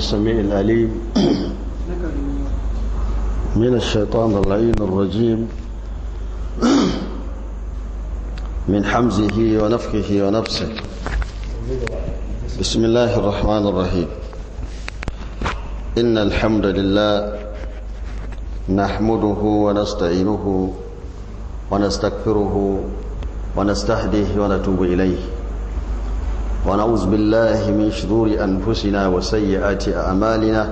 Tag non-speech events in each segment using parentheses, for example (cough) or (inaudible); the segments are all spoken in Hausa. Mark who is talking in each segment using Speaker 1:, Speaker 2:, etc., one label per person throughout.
Speaker 1: السميع العليم من الشيطان اللعين الرجيم من حمزه ونفخه ونفسه بسم الله الرحمن الرحيم إن الحمد لله نحمده ونستعينه ونستغفره ونستهديه ونتوب إليه ونعوذ بالله من شرور أنفسنا وسيئات أعمالنا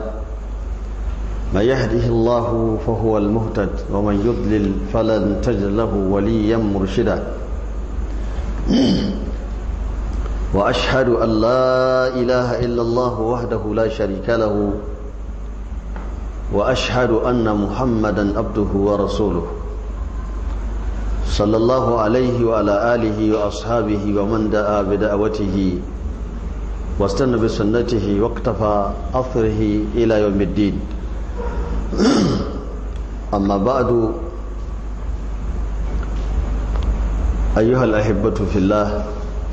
Speaker 1: من يهده الله فهو المهتد ومن يضلل فلن تجد له وليا مرشدا وأشهد أن لا إله إلا الله وحده لا شريك له وأشهد أن محمدا عبده ورسوله صلى الله عليه وعلى آله وأصحابه ومن دعا بدعوته واستنى بسنته واقتفى أثره إلى يوم الدين أما بعد أيها الأحبة في الله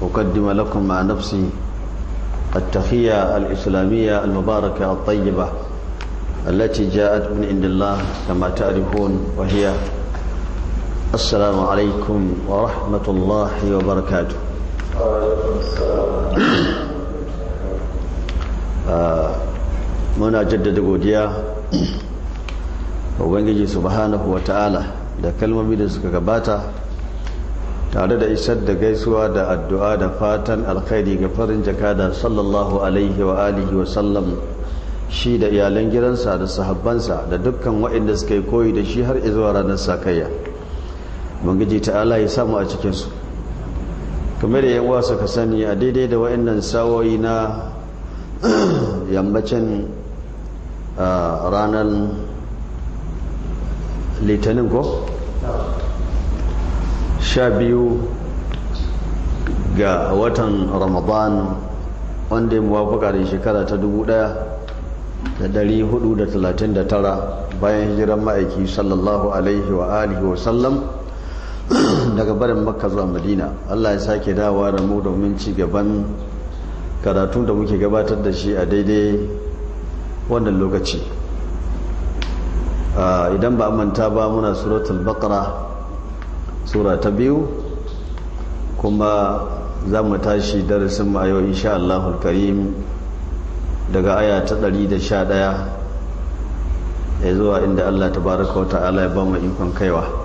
Speaker 1: أقدم لكم مع نفسي التخية الإسلامية المباركة الطيبة التي جاءت من عند الله كما تعرفون وهي السلام عليكم ورحمة الله وبركاته muna jaddada godiya ubangiji subhanahu wa da kalmomi da suka gabata tare da isar da gaisuwa da addu'a da fatan alkhairi ga farin jakada sallallahu alaihi wa alihi wa sallam shi da iyalan gidansa da sahabbansa da dukkan waɗanda suka yi koyi da shi har zuwa ranar sakayya ta ala ya samu a cikinsu kamar da yawa ka sani a daidai da wa'annan sawoyi na (clears throat) yammacin ranar litinin ko? sha biyu ga watan ramadan wanda ya muwafaka da shekara ta dubu daya da dari hudu da talatin da tara bayan hijiran ma'aiki sallallahu alaihi wa alihi wa sallam daga barin makka zuwa madina allah ya sake dawowa da mu domin ci gaban karatu da muke gabatar da shi a daidai wannan lokaci ah, idan ba manta ba muna suratul baqara sura ta biyu kuma za mu tashi darasin mu a yau insha karim daga aya ta 111 ya zuwa inda Allah tabaraka wa ta'ala ya ba mu ikon kaiwa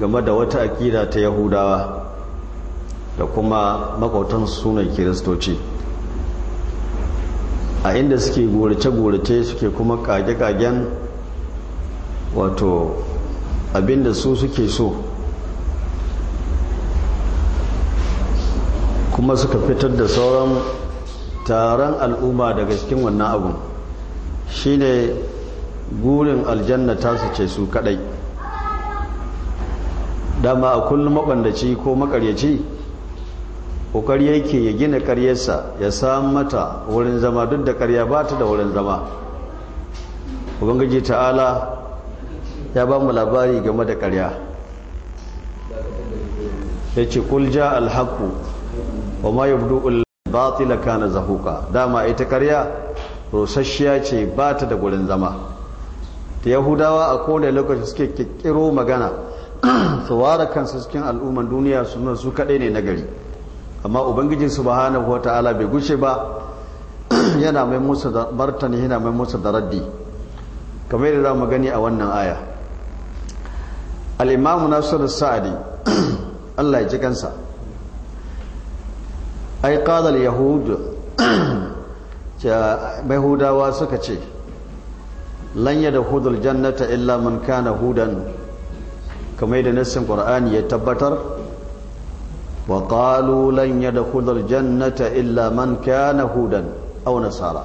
Speaker 1: game da wata akida ta yahudawa da kuma makwautan sunan kiristoci a inda suke gorace-gorace suke kuma kage-kagen wato abinda su suke so kuma suka fitar da sauran taron al'umma daga cikin wannan abun shine gurin aljanna su ce su kadai dama a kullum mabandaci ko makaryaci kokari yake ya gina karyarsa ya samu mata wurin zama duk da karya ba ta da wurin zama ubangiji ta'ala ya ba mu labari game da karya ya ce kulja alhaku wa ma yabdu batila kana zahuka dama ita karya rosasshiya ce ba ta da wurin zama da yahudawa a kowane lokaci suke kikkiro magana su ware kansu cikin al'umman duniya nuna su kaɗai ne nagari amma ubangiji subhanahu wa ta'ala bai gushe ba (clears throat) yana mai musu da martani yana mai musu da raddi kamar yadda za mu gani a wannan aya al-imamu nasiru sa'adi (clears throat) Allah ya ji kansa ai qala al-yahud (clears throat) hudawa suka ce lan yadkhulul jannata illa man kana hudan kamar da nassin qur'ani ya tabbatar wa qalu da yadkhulul jannata illa man kana hudan au nasara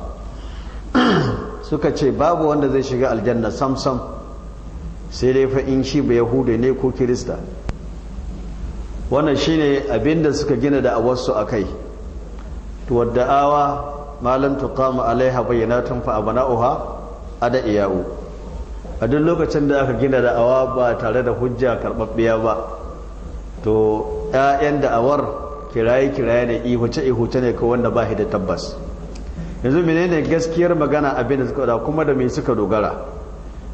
Speaker 1: suka ce babu wanda zai shiga aljanna sam sam sai dai fa in shi ba yahude ne ko kirista wannan shine abinda suka gina da awarsu kai to wadda'awa malam tuqama alaiha bayyanatun fa abana'uha ada iyau a duk lokacin da aka gina da'awa ba tare da hujja karɓaɓɓiya ba to 'ya'yan da'awar kiraye-kiraye ne ihuce-ihuce ne ko wanda ba da tabbas yanzu menene gaskiyar magana abin da suka da kuma da me suka dogara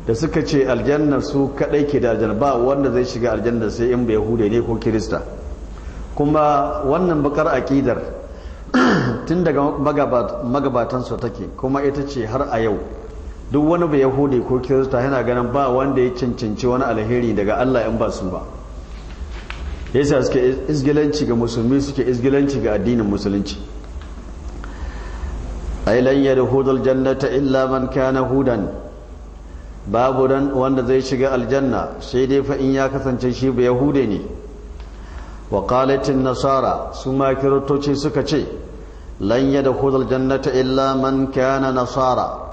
Speaker 1: da suka ce aljanna su kadai ke da aljanna ba wanda zai shiga aljanna sai in bai hude ne ko kirista kuma wannan bakar ƙidar tun daga magabatan su take kuma ita ce har a yau duk wani bai yahudi ko kirista yana ganin ba wanda ya cancanci wani alheri daga Allah in ba su ba yasa suke izgilanci ga musulmi suke izgilanci ga addinin musulunci ai lan yadkhulul jannata illa man kana hudan babu dan wanda zai shiga aljanna sai dai fa in ya kasance shi ba yahude ne wa nasara su ma kiratoci suka ce lan yadkhulul jannata illa man kana nasara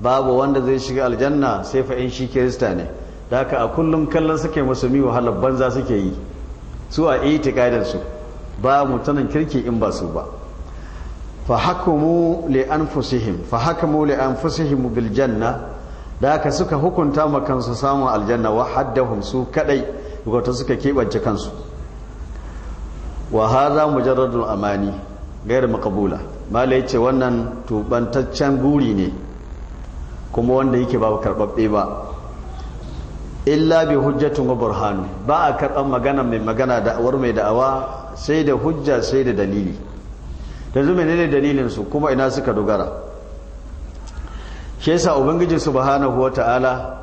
Speaker 1: babu wanda zai shiga aljanna sai fa shi kirista ne da haka a kullum kallon suke musulmi wahalar banza suke yi su a itikadin su ba mutanen kirki in ba su ba fa hakamu li anfusihim fa hakamu li anfusihim bil janna da haka suka hukunta ma kansu samun aljanna wa haddahum su kadai wato suka kebance kansu wa hadha mujarradul amani gairu makabula mala yace wannan tubantaccen guri ne kuma wanda yake ba karɓaɓɓe ba illa bi hujjatun wa burhanu ba a karɓar magana mai magana da awar mai da'awa sai da hujja sai da dalili da yanzu ne dalilin su kuma ina suka dogara shi yasa ubangiji subhanahu wata'ala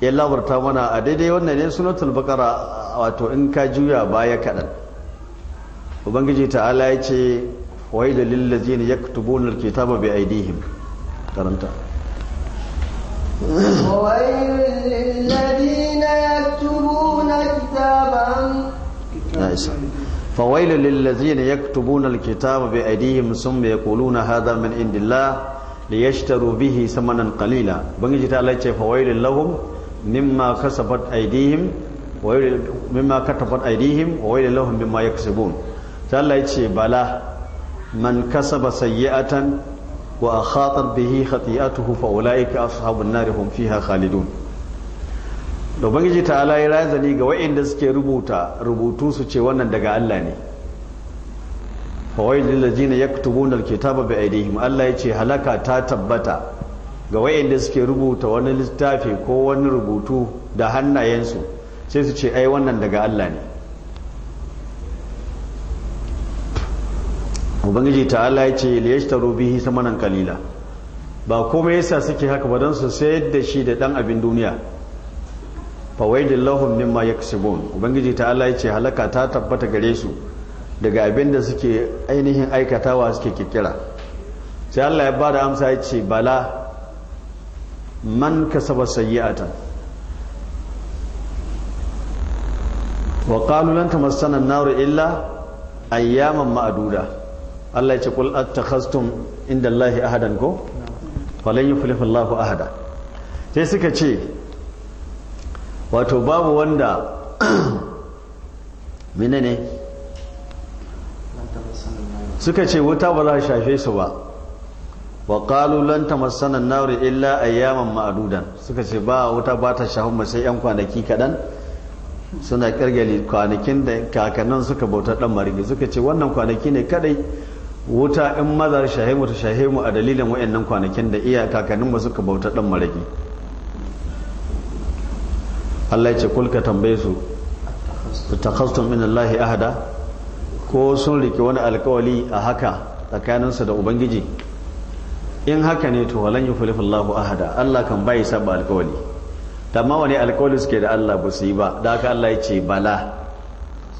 Speaker 1: ya labarta mana a daidai wannan ne sunatul baqara wato in ka juya baya kaɗan ubangiji ta'ala ya ce wai da lillazina yaktubuna alkitaba bi aidihim karanta
Speaker 2: وويل للذين يكتبون كتابا
Speaker 1: فويل للذين يكتبون الكتاب بأيديهم ثم يقولون هذا من عند الله samanan qalila bangiji ta Allah ce bala man kasaba wa khatar bihi a fa ulaika ashabun na hum fiha khalidun da ubangiji ta'ala ya razani ga wa'inda suke rubuta rubutu su ce wannan daga Allah ne fa ladina yaktubuna alkitaba bi aydihim Allah ya ce halaka ta tabbata ga wa'inda suke rubuta wani littafi ko wani rubutu da hannayensu sai su ce ai wannan daga Allah ne ubangiji ta'ala ya ce liyashtaru bihi samanan kalila ba komai yasa suke haka ba don su da shi da dan abin duniya fawaidin lahum mimma yaksubun ubangiji ta'ala ya ce halaka ta tabbata gare su daga abin da suke ainihin aikatawa suke kikkira sai Allah ya bada amsa ya ce bala man kasaba sayyi'atan wa qalu lan tamassana an-nar illa ayyaman ma'duda Allah ya ce kul attakhastum inda Allahi ahadan ko falan yuflihu Allahu ahada sai suka ce wato babu wanda (clears throat) menene suka ce wuta ba za a shafe su ba wa qalu lan tamassana an-nar illa ayyaman ma'dudan suka ce ba wuta ba ta shafe mu sai yan kwanaki kadan suna kirgali kwanakin da kakannin suka bauta dan marigi suka ce wannan kwanaki ne kadai wuta in mazar shahimu ta shahimu a dalilin wayannan kwanakin da iya kakannin ba suka bauta dan maraki Allah ya ce kulka tambaye su takhastum min Allah ahada ko sun rike wani alkawali a haka tsakaninsa da ubangiji in haka ne to walan yukhlifu Allahu ahada Allah kan bai saba alkawali amma wani alkawali suke da Allah ba su yi ba da haka Allah ya ce bala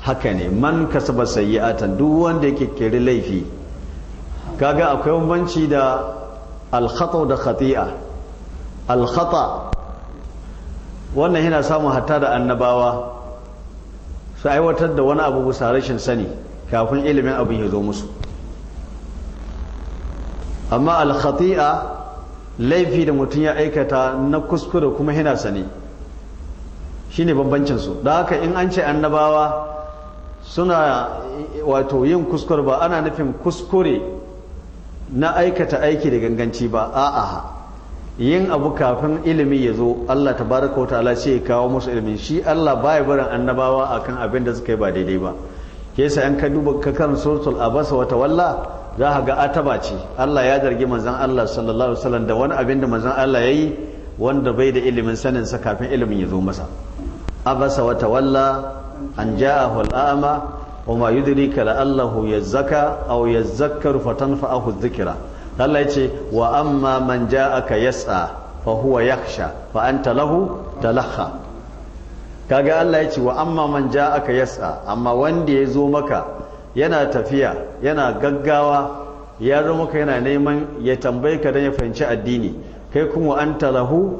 Speaker 1: haka ne man kasaba sayyi'atan duk wanda yake kiri laifi kaga akwai bambanci da alkhata da khati'a alkhata wannan yana samun hatta da annabawa su aiwatar da wani abu bisa rashin sani kafin ilimin abin ya zo musu amma alkhati'a laifi da mutum ya aikata na kuskure kuma yana sani shine bambancinsu da haka in an ce annabawa suna wato yin kuskure ba ana nufin kuskure na aikata aiki da ganganci ba a'a yin abu kafin ilimi ya zo Allah ta tabaraka ta'ala ce ya kawo musu ilimin shi Allah baya barin annabawa akan abin da suka yi ba daidai ba sa yan ka duba ka kan suratul abasa wata walla za a ga ataba ce Allah ya zargi manzon Allah sallallahu alaihi wasallam da wani abin da manzon Allah yi wanda bai da ilimin sanin sa kafin ilimin ya zo masa abasa wata walla an ja'ahu al'ama وما يدريك لعله يزكى أو يذكر فتنفعه الذكرى Allah ya ce wa amma man aka yas'a fa huwa yakhsha fa lahu laha. kaga Allah ya ce wa amma man aka yas'a amma wanda ya zo maka yana tafiya yana gaggawa ya zo maka yana neman ya tambaye ka dan ya fahimci addini kai kuma an talahu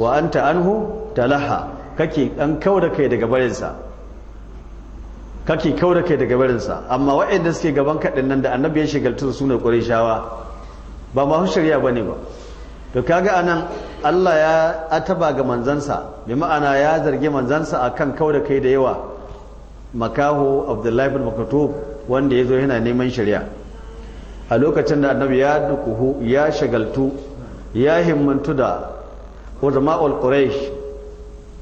Speaker 1: wa anta anhu talaha kake an kauda kai daga barinsa kake kau da kai daga barinsa amma waɗanda suke gaban kaɗin nan da annabi ya shigaltu su ne shawa ba ma shari'a ba ne ba to kaga anan Allah ya ataba ga manzansa bi ma'ana ya zargi manzansa akan kau da kai da yawa makaho abdullahi bin makatub wanda ya zo yana neman shari'a a lokacin da annabi ya dukuhu ya shagaltu ya himmantu da ulama'ul quraish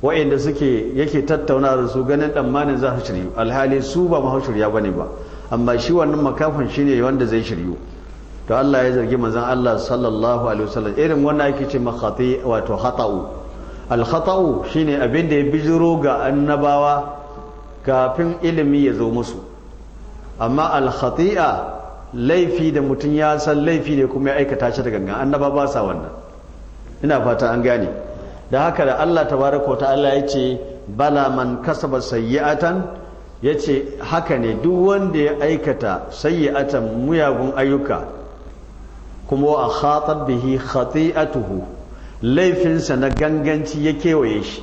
Speaker 1: wa'inda suke yake tattauna da su ganin tsammanin za su shiryu alhali su ba ma shirya bane ba amma shi wannan makafin shine wanda zai shiryu to Allah ya zargi manzon Allah sallallahu alaihi wasallam irin wannan yake ce makhati wato khata'u AlHata'u khata'u shine abin da ya bijiro ga annabawa kafin ilimi ya zo musu amma al laifi da mutum ya san laifi ne kuma ya aikata shi da gangan annaba ba sa wannan ina fata an gane da haka da Allah ta ta ta'ala ya ce bala man kasaba sayyi'atan ya ce haka ne duk wanda ya aikata sayyi'atan muyagun ayyuka kuma a khatar bihi khati'atuhu laifinsa na ganganci ya kewaye shi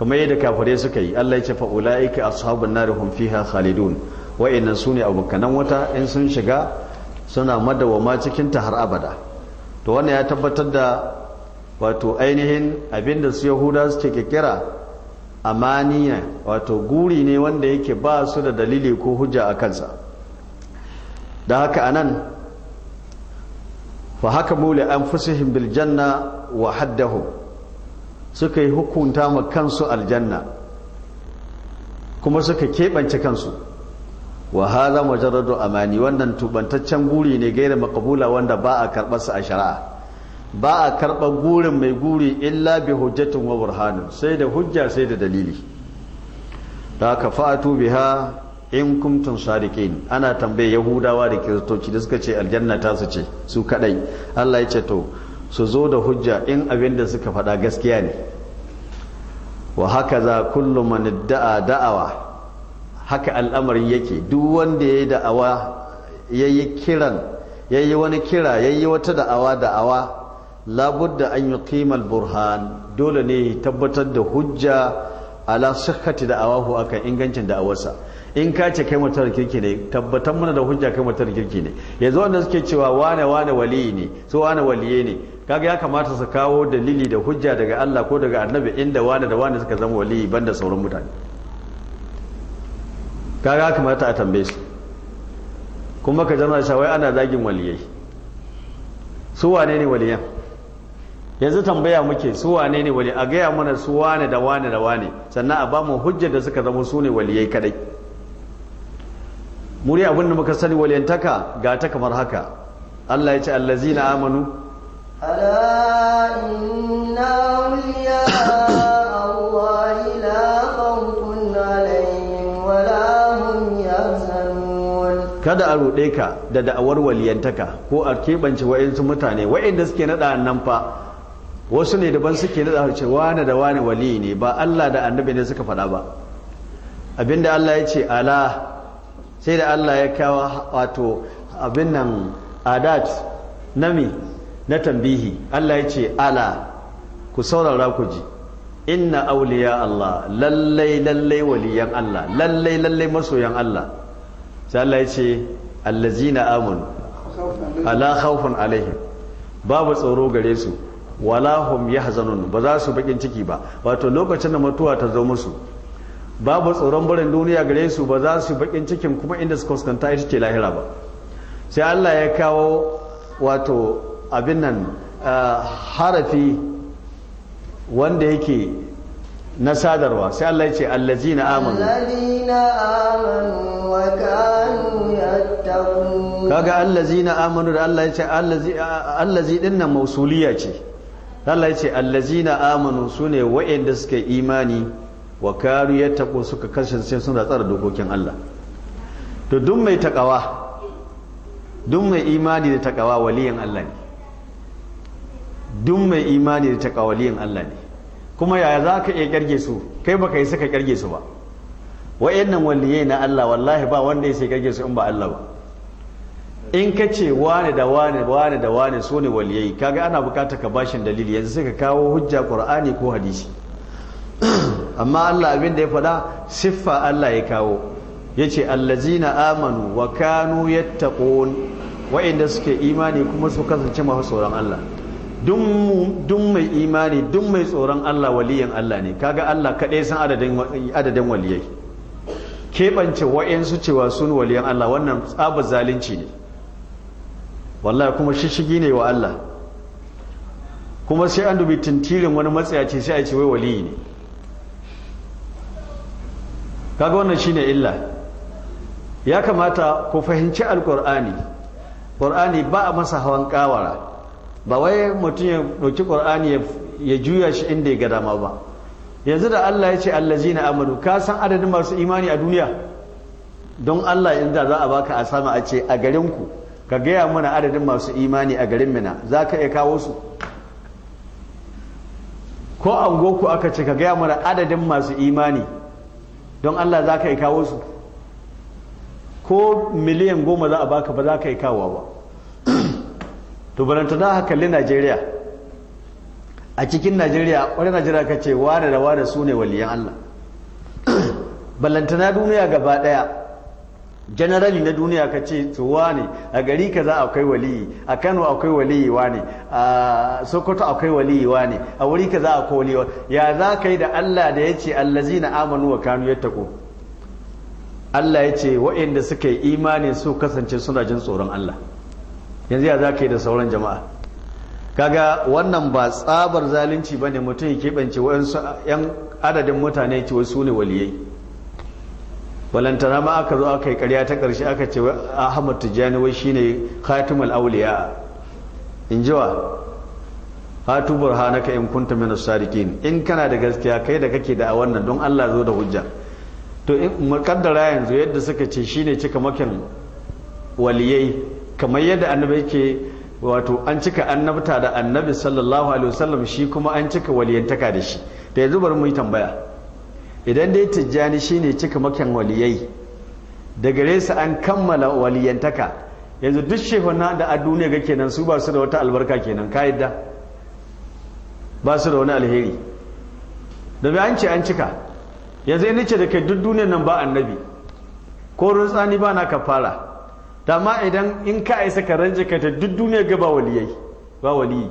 Speaker 1: kamar yadda kafirai suka yi Allah ya ce fa ulaika ashabun nar hum fiha khalidun wa'annan sune abokanan wata in sun shiga suna madawama cikin ta har abada to wannan ya tabbatar da wato ainihin abinda su yahuda suke kikira amaniya wato guri ne wanda yake ba su da dalili ko hujja a kansa da haka anan fa haka mule an fusihin biljanna wa haddahu suka yi hukunta ma kansu aljanna kuma suka keɓance kansu wa hadha majarradu amani wannan tubantaccen guri ne gaira makabula wanda ba a karɓarsa a shari'a ba a karɓar gurin mai guri illa bi hujjatin wa burhanin sai da hujja sai da dalili ta ka fa'atu biha in kuntum sadiqin ana tambaye yahudawa da kiristoci da suka ce aljanna ta su ce su kadai Allah ya ce to su zo da hujja in abin da suka faɗa gaskiya ne wa haka za kullum man da'a da'awa haka al'amarin yake duk wanda ya yi da'awa ya yi kiran ya yi wani kira ya yi wata da'awa da'awa labudda an yi qimal burhan dole ne tabbatar da hujja ala sihhati da awahu akan ingancin da awarsa in ka ce kai mutar kirki ne tabbatar mana da hujja kai mutar kirki ne yanzu wanda suke cewa wane wane wali ne so wane waliye ne kaga ya kamata su kawo dalili da hujja daga Allah ko daga annabi inda wane da wane suka zama wali banda sauran mutane kaga ya kamata a tambaye su kuma ka jama'a shawai ana zagin waliyai su wane ne waliyan yanzu tambaya muke su wane ne wali a gaya mana su wane da wane da wane sannan a bamu hujjar da suka zama su ne waliyai kadai muri abin da muka sani waliyantaka ga ta kamar haka Allah ya ce na amanu
Speaker 2: Allah
Speaker 1: kada a rude ka da da'awar waliyantaka ko a keɓance wa'insu mutane wa'inda suke naɗa nan fa wasu ne daban suke nada ce wane da wane wali ne ba Allah da annabi ne suka faɗa ba abinda Allah ya ce ala sai da Allah ya kawo wato abin nan adat nami na tambihi Allah ya ce ala ku saurara ku ji inna auliya Allah lallai lallai waliyan Allah lallai lallai masoyan Allah sai Allah ya ce allazina amanu ala khawfun alaihim babu tsoro gare su walahum ya hazanun ba za su bakin ciki ba wato lokacin da mutuwa ta zo musu babu tsoron barin duniya gare su ba za su bakin cikin kuma inda su kuskanta ita ce lahira ba sai Allah ya kawo wato abin nan ah, harafi wanda yake na sadarwa sai Allah ya ce allazina amanu
Speaker 2: allazina amanu wa kanu yattaqun kaga
Speaker 1: allazina amanu da Allah ya ce allazi ah, allazi dinnan mausuliya ce Allah ya ce allazina amanu sune wa'anda suka imani wa karu yattaqu suka sun da tsara dokokin Allah to duk mai takawa duk mai imani da takawa waliyan Allah ne duk mai imani da takawa waliyan Allah ne kuma yaya za ka iya kirge su kai baka yi suka kirge su ba wa'annan waliyai na Allah wallahi ba wanda ya sai kirge su in ba Allah ba in ka ce wane da wane wane da wane so ne waliyai kaga ana bukata ka bashin dalili yanzu sai ka kawo hujja qur'ani ko hadisi (clears throat) amma Allah abin da ya faɗa siffa Allah ya kawo yace allazina amanu wa kanu yattaqun wa'inda suke imani kuma su kasance masu tsoron Allah duk mai imani duk mai tsoron Allah waliyan Allah ne kaga Allah kaɗai san adadin waliyai keɓance wa'insu cewa sun waliyan Allah wannan tsabar zalunci ne wallahi kuma shishigi ne wa Allah kuma sai an dubi tintirin wani matsayaci sai a ce wai waliyi ne kaga wannan shine illa ya kamata ku fahimci alkur'ani qur'ani ba a masa hawan kawara ba wai mutum ya ɗauki qur'ani ya juya shi inda ya ga dama ba yanzu da Allah ya ce allazina amanu ka san adadin masu imani a duniya don Allah inda za a baka a sama a ce a garinku ka gaya mana adadin masu imani a garin mina za ka iya kawo su ko goku aka ce ka gaya mana adadin masu imani don allah za ka iya kawo su ko miliyan goma za a baka ba za ka iya kawo ba (clears throat) to barantana haka kalli najeriya a cikin najeriya wani najeriya ka ce wane da wane su ne waliyan allah (clears throat) ballantana duniya gaba daya generally na duniya ka ce tsuwa ne a gari ka a akwai waliyi a kano akwai waliyi ne a sokoto akwai waliyi ne a wuri a akwai waliyi ya za ka yi da allah da ya ce na amanu wa kanu tako allah ya ce waɗanda suka yi imani su kasance suna jin tsoron allah yanzu ya za ka yi da sauran jama'a kaga wannan ba tsabar zalunci ba ne mutum ya keɓance waɗansu 'yan adadin mutane ce wasu ne waliyai balantana ma aka zo aka yi karya ta ƙarshe aka ce ahmad tijjani wai shine khatimul auliya in ji wa hatu burhanaka in kunta min as-sadiqin in kana da gaskiya kai da kake da wannan don Allah zo da hujja to in makaddara yanzu yadda suka ce shine cika makin waliyai kamar yadda annabi yake wato an cika annabta da annabi sallallahu alaihi wasallam shi kuma an cika waliyantaka da shi da yanzu bari mu yi tambaya idan dai tijjani shine cika makin waliyai da gare su an kammala waliyantaka yanzu duk shehuna da a duniya ga kenan su ba su da wata albarka kenan ka yadda ba su da wani alheri da bai an ce an cika yanzu yana ce da kai duk duniyar nan ba annabi ko rutsani ba na kafara fara ma idan in ka aisa ka ranje ka ta duk duniyar ga ba waliyai ba waliyi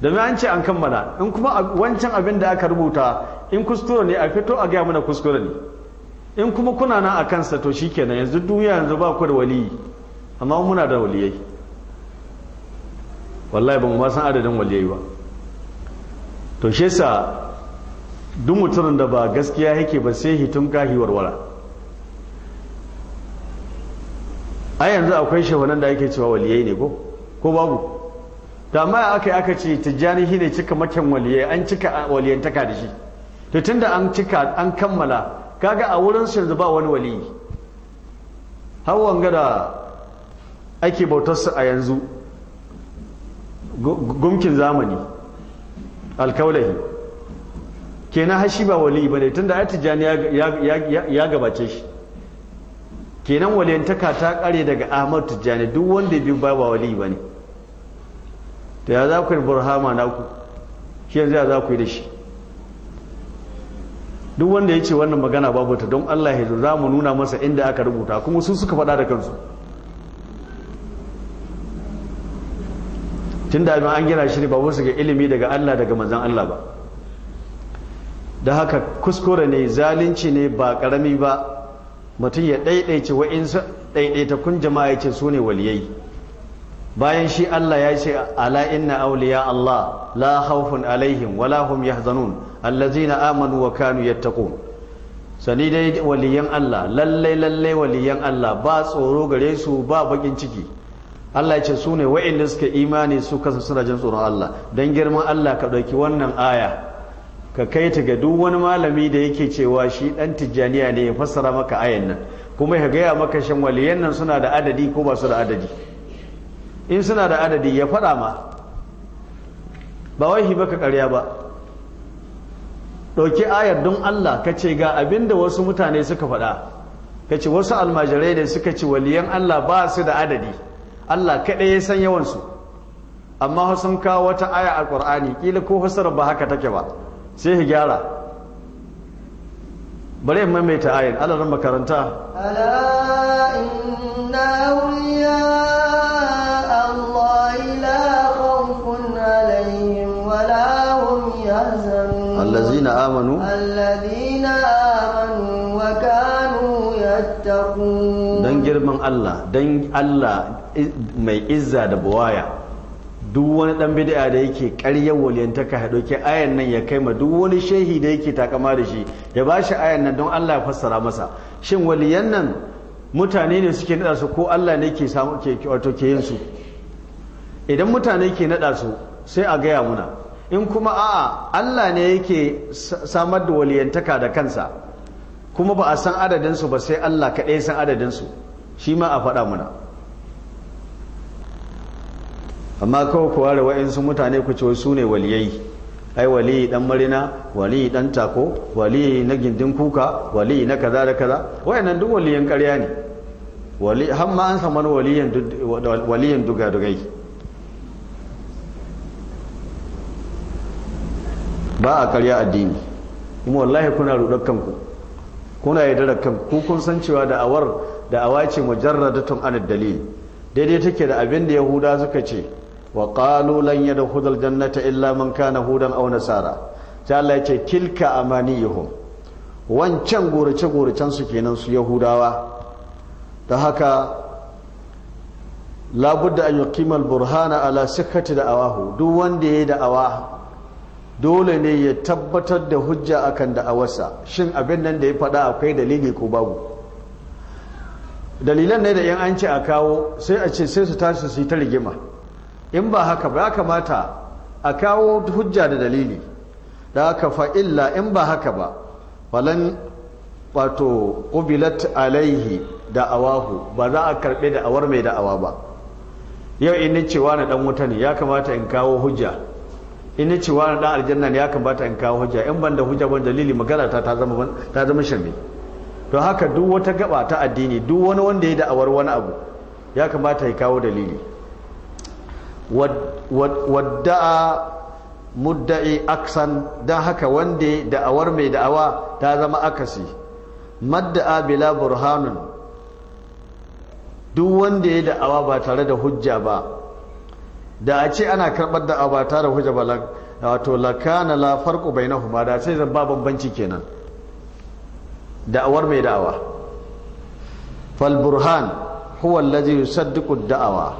Speaker 1: da mai an ce an kammala in kuma wancan abin da aka rubuta in kuskure ne a fito a gaya mana kuskure ne in kuma kuna nan a kansa to shi kenan yanzu duniya yanzu ba ku da waliyi amma muna da waliyai wallahi ba mu san adadin waliyai ba to shi yasa duk mutumin da ba gaskiya yake ba sai hitun kahi warwara a yanzu akwai shehunan da ake cewa waliyai ne ko babu Da amma aka yi aka ce tijjani shi ne cika makin waliyai an cika waliyantaka da shi to tunda an cika an kammala kaga a wurin su yanzu ba wani waliyi hawan gada ake bautar su a yanzu gumkin zamani alkaulahi kenan hashi ba waliyi bane tunda ai tijjani ya gabace shi kenan waliyantaka ta kare daga Ahmad Tijjani duk wanda biyu ba wali ba ne. to ya za ku yi burhama ku shi yanzu ya za ku yi da shi duk wanda ya ce wannan magana babu ta don Allah ya za mu nuna masa inda aka rubuta kuma sun suka fada da kansu tun da an gina shi ne ba wasu ga ilimi daga Allah daga manzan Allah ba da haka kuskure ne zalunci ne ba karami ba mutum ya ɗaiɗaice wa'insa kun jama'a ya ce su ne waliyai bayan shi Allah ya ce ala inna awliya Allah la khawfun alaihim wala hum yahzanun na amanu wa kanu yattaqun sani dai waliyan Allah lallai lallai waliyan Allah ba tsoro gare su ba bakin ciki Allah ya ce su ne wa'inda suka imani su kasu suna jin tsoron Allah dan girman Allah ka ɗauki wannan aya ka kai ta ga duk wani malami da yake cewa shi dan tijjaniya ne ya fassara maka ayan nan kuma ya gaya maka shan waliyan nan suna da adadi ko ba su da adadi in suna da adadi ya faɗa ma ba wai hi baka ƙarya ba ɗauki ayar don Allah ka ce ga abin da wasu mutane suka faɗa ka ce wasu almajirai da suka ci waliyan Allah ba su da adadi Allah kaɗai ya san yawansu amma sun kawo wata aya a ƙur'ani ƙila ko hasar ba haka take ba sai ya gyara bari in maimaita ayar Allah makaranta الذين آمنوا
Speaker 2: الذين آمنوا وكانوا يتقون
Speaker 1: دان جرمن الله دان الله mai izza da buwaya duk wani dan bid'a da yake ƙaryar waliyantaka ya dauki ayan nan ya kai ma duk wani shehi da yake takama da shi ya bashi ayan nan don Allah ya fassara masa shin waliyan nan mutane ne suke nada su ko Allah ne ke samu ke wato ke yin su idan mutane ke nada su sai a gaya muna in kuma a'a Allah ne yake samar da waliyantaka da kansa kuma ba a san adadinsu ba sai Allah kaɗai san adadinsu shi ma a faɗa muna amma kawai ku ware wa'insu mutane ku ce su ne waliyai ai waliyi dan marina waliyi dan tako waliyi na gindin kuka waliyi na kaza da kaza wayannan duk waliyan ƙarya ne wali har ma an samar waliyan waliyan dugadugai ba a karya addini kuma wallahi kuna rudar kanku kuna yi da kanku kukun san cewa da'awar da'awa ce mujarradatun anad dalil daidai take da abin da yahuda suka ce wa qalu lan yadkhulul jannata illa man kana hudan aw nasara sai Allah ya ce tilka amaniyuhum wancan gorace goracen su kenan su yahudawa Ta haka labudda an yuqima burhana ala da awahu, duk wanda yayi da'awa dole ne ya tabbatar da hujja akan da'awarsa shin abin nan da ya faɗa akwai dalili ko babu dalilan ne da yan an ce a kawo sai a ce sai su tashi su yi ta rigima in ba haka ba ya kamata a kawo hujja da dalili da aka fa'illa in ba haka ba falan wato ƙubilat alaihi da awahu ba za a karɓe da awar mai da'awa ba yau in ni cewa na ɗan wuta ne ya kamata in kawo hujja in ce wani dan aljanna ne ya kamata in kawo hujja in ban da hujja ban dalili magana ta ta zama ta zama shirme to haka duk wata gaba ta addini duk wani wanda ya da'awar wani abu ya kamata ya kawo dalili wadda'a mudda'i aksan don haka wanda da'awar mai da'awa ta zama akasi madda'a bila burhanun duk wanda ya da'awa ba tare da hujja ba da a ce ana karɓar da abata da hujja ba wato lakana la na huma da sai zan ba bambanci kenan da'awar mai da'awa fal burhan huwa allazi yusaddiqu da'awa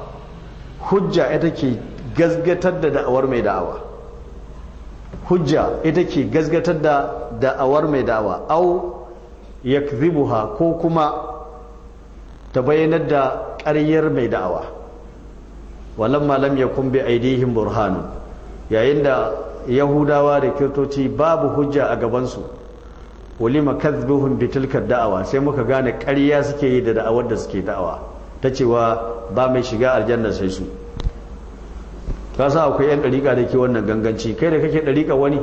Speaker 1: hujja ita ke gazgatar da da'awar mai da'awa hujja ita ke gazgatar da da'awar mai da'awa au yakdhibuha ko kuma ta bayyanar da ƙaryar mai da'awa walamma ya kumbi bi aidihin burhanu yayin da yahudawa da kirtoci babu hujja a gabansu ulima kadhbuhum bi tilka da'awa sai muka gane ƙarya suke yi da da'awar da suke da'awa ta cewa ba mai shiga aljanna sai su ka sa akwai yan dariƙa da ke wannan ganganci kai da kake dariƙa wani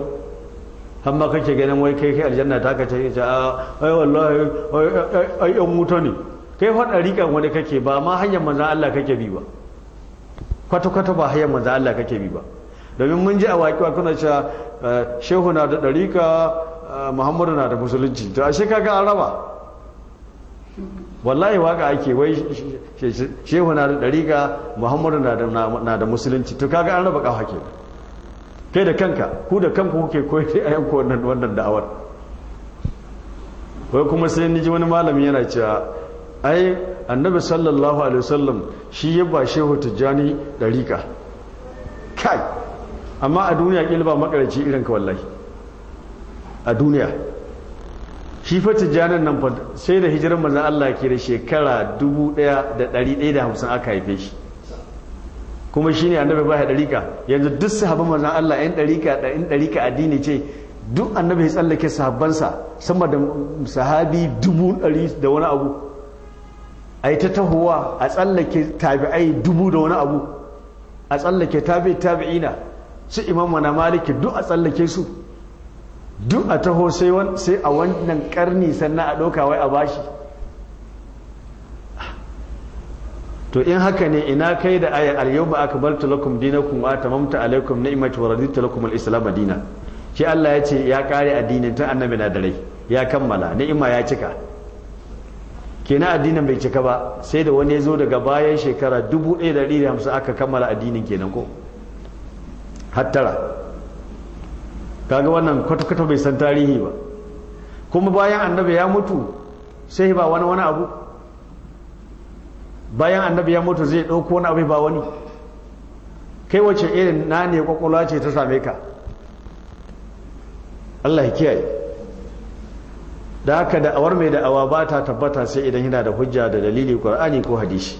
Speaker 1: amma kake ganin wai kai kai aljanna ta ka ce a ai wallahi ai ai ai ai ai ai ai ai ai ai ai ai ai ai ai ai ai kwata-kwata ba hayan manzo Allah kake bi ba domin mun ji a waƙi wa kuna cewa eh, eh, shehu na da ɗarika muhammadu na da musulunci to ashe kaga an raba wallahi waka ake wai shehu na da ɗarika muhammadu na da musulunci to kaga an raba ƙawa ke kai da kanka ku da kanku kuke koyi a yanku wannan da'awar wai kuma sai ni ji wani malami yana cewa ai annabi sallallahu alaihi wasallam shi ya ba shehu tijjani dariƙa kai amma a duniya ba makaraci irin ka wallahi a duniya shi fa tijjanin nan fa sai da hijirar manzon Allah ke da shekara 1150 aka haife shi kuma shine annabi ba ya dariƙa yanzu duk sahabban manzon Allah ɗan dariƙa ɗan dariƙa addini ce duk annabi ya tsallake sahabbansa sama da sahabi dubu ɗari da wani abu a yi ta tahowa a tsallake tabi'ai dubu da wani abu a tsallake tabi tabi'ina su imam na maliki duk a tsallake su duk a taho sai a wannan karni sannan a ɗauka wai a bashi to in haka ne ina kai da ayar aka bar akmaltu dina dinakum wa atamamtu alaykum ni'mati wa raditu lakum al-islam dinan shi Allah ya ce ya kare addinin ta annabi na dare ya kammala ni'ima ya cika kenan addinin bai cika ba sai da wani ya zo daga bayan shekara 1150 aka kammala addinin kenan ko hattara kaga wannan kwata-kwata bai san tarihi ba kuma bayan annabi ya mutu sai ba wani wani abu bayan annabi ya mutu zai ɗauko wani abu ba wani kai wace irin na ne kwakwalwa ce ta same ka Allah kiyaye da haka da'awar mai da'awa ba ta tabbata sai idan yana da hujja da dalili ƙwar'ani ko hadisi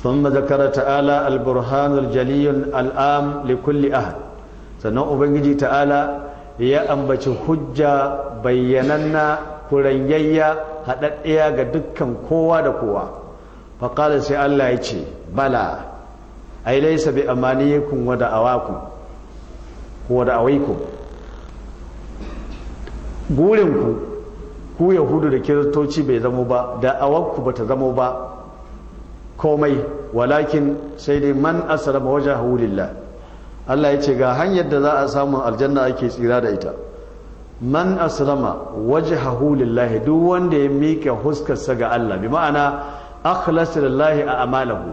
Speaker 1: ثم ta'ala تعالى البرهان al'am li kulli ahad sannan ubangiji ta'ala ya ambaci hujja bayyananna kurayayya haɗaɗɗiya ga dukkan kowa da kowa faƙala sai Allah ya ce bala ai laisa bi amaniyikum wa da'awakum wa Gurin gurinku ku yahudu da kiristoci bai zamo ba da awakku ta zamo ba komai walakin sai dai man wajen wajhahu lillah Allah ya ce ga hanyar da za a samu aljanna ake tsira da ita man aslama wajhahu lillahi duk wanda ya mika huskarsa ga Allah bi ma'ana akhlas lillahi a amalahu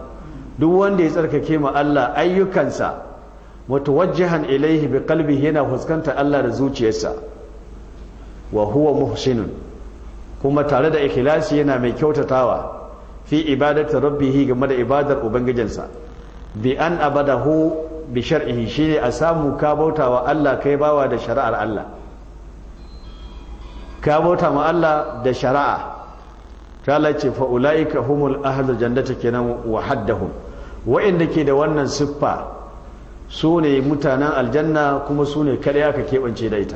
Speaker 1: duk wanda ya tsarkake ma Allah ayyukansa mutawajjihan ilaihi bi qalbihi yana huskanta Allah da zuciyarsa wa huwa muhsinun kuma tare da ikhlasi yana mai kyautatawa fi rabbi rabbihi game da ibadar ubangijinsa bi an abadahu bi shar'ihi shine a samu ka wa Allah kai bawa da shari'ar Allah ka bauta ma Allah da shari'a ta lace fa ulaika humul janda jannati kenan wa haddahum da ke da wannan siffa su ne mutanen aljanna kuma su ne kada aka keɓance da ita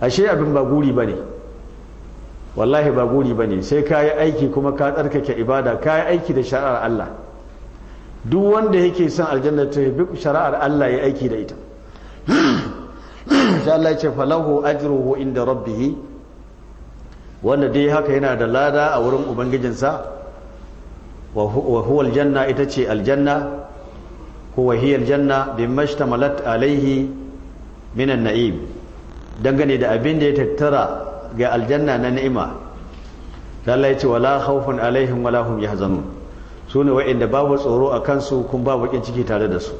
Speaker 1: ashe abin ba guri ba ne wallahi ba guri ne sai ka yi aiki kuma ka tsarkake ibada ka yi aiki da shari'ar Allah duk wanda yake son aljanna ta bi shari'ar Allah ya aiki da ita sai Allah ya ce falahu ajruhu inda rabbih wanda dai haka yana da lada a wurin ubangijinsa wa huwa aljanna ita ce aljanna huwa hiya aljanna bimma ishtamalat alaihi min an-na'im dangane da abin da ya tattara ga aljanna na ni'ima lallai ce wala khawfun alaihim wala hum yahzanun sune wa'inda babu tsoro a kansu kun babu kin ciki tare da su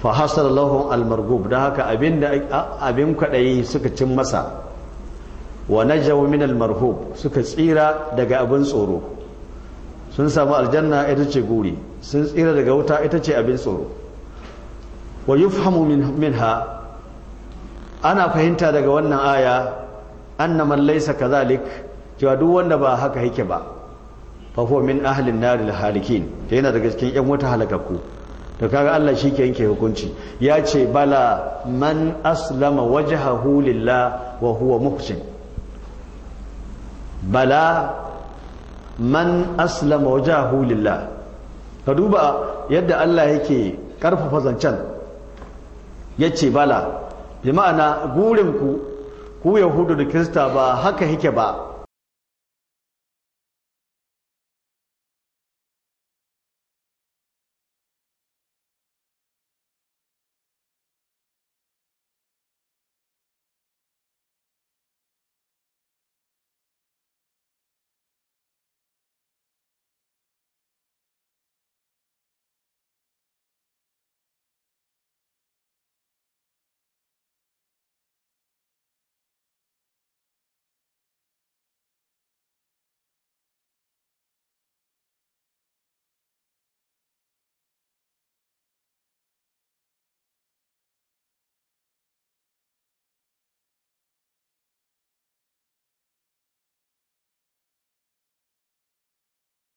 Speaker 1: fa hasalallahu almargub da haka abinda abin kwadayi suka cin masa wa najaw min almarhub suka tsira daga abin tsoro sun samu aljanna ita ce guri sun tsira daga wuta ita ce abin tsoro wa yufhamu minha ana fahimta daga wannan aya anna man laysa kadhalik cewa duk wanda ba haka yake ba fa huwa min ahli an-nar halikin to yana daga cikin yan wata halakaku to kaga Allah shi ke yanke hukunci ya ce bala man aslama wajhahu lillah wa huwa muhsin bala man aslama wajhahu lillah ka duba yadda Allah yake karfafa zancen yace bala bi ma'ana ku. ku yahudu da kirista ba haka yake ba